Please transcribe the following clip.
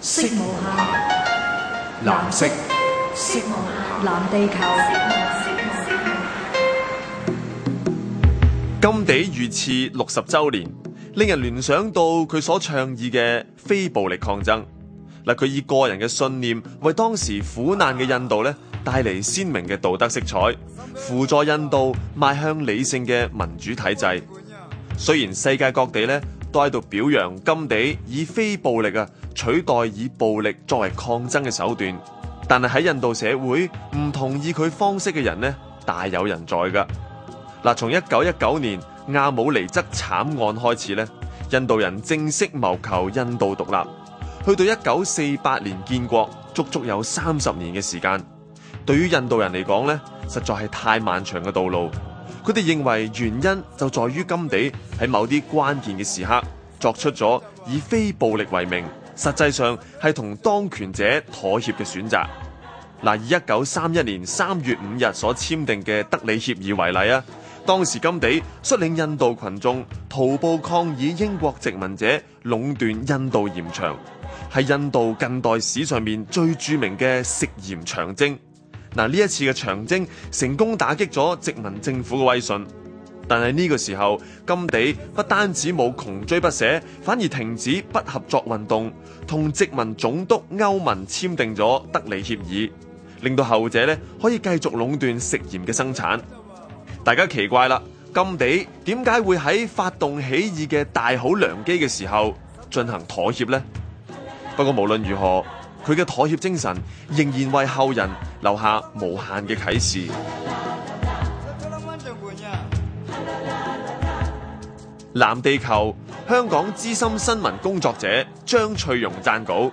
色無暇，藍色，色無暇，藍地球。甘地遇刺六十周年，令人聯想到佢所倡議嘅非暴力抗爭。嗱，佢以個人嘅信念為當時苦難嘅印度咧，帶嚟鮮明嘅道德色彩，輔助印度邁向理性嘅民主體制。雖然世界各地都喺度表揚甘地以非暴力啊取代以暴力作為抗爭嘅手段，但係喺印度社會唔同意佢方式嘅人呢，大有人在噶。嗱，從一九一九年亞姆尼則慘案開始呢，印度人正式謀求印度獨立，去到一九四八年建國，足足有三十年嘅時間。對於印度人嚟講呢，實在係太漫長嘅道路。佢哋認為原因就在於甘地喺某啲關鍵嘅時刻作出咗以非暴力為名，實際上係同當權者妥協嘅選擇。嗱，以一九三一年三月五日所簽訂嘅德里協議為例啊，當時甘地率領印度群眾徒步抗議英國殖民者壟斷印度鹽場，係印度近代史上面最著名嘅食鹽長征。嗱，呢一次嘅長征成功打擊咗殖民政府嘅威信，但係呢個時候，甘地不單止冇窮追不捨，反而停止不合作運動，同殖民總督歐文簽訂咗德里協議，令到後者呢可以繼續壟斷食鹽嘅生產。大家奇怪啦，甘地點解會喺發動起義嘅大好良機嘅時候進行妥協呢？不過無論如何。佢嘅妥協精神仍然為後人留下無限嘅啟示。藍地球香港資深新聞工作者張翠容撰稿。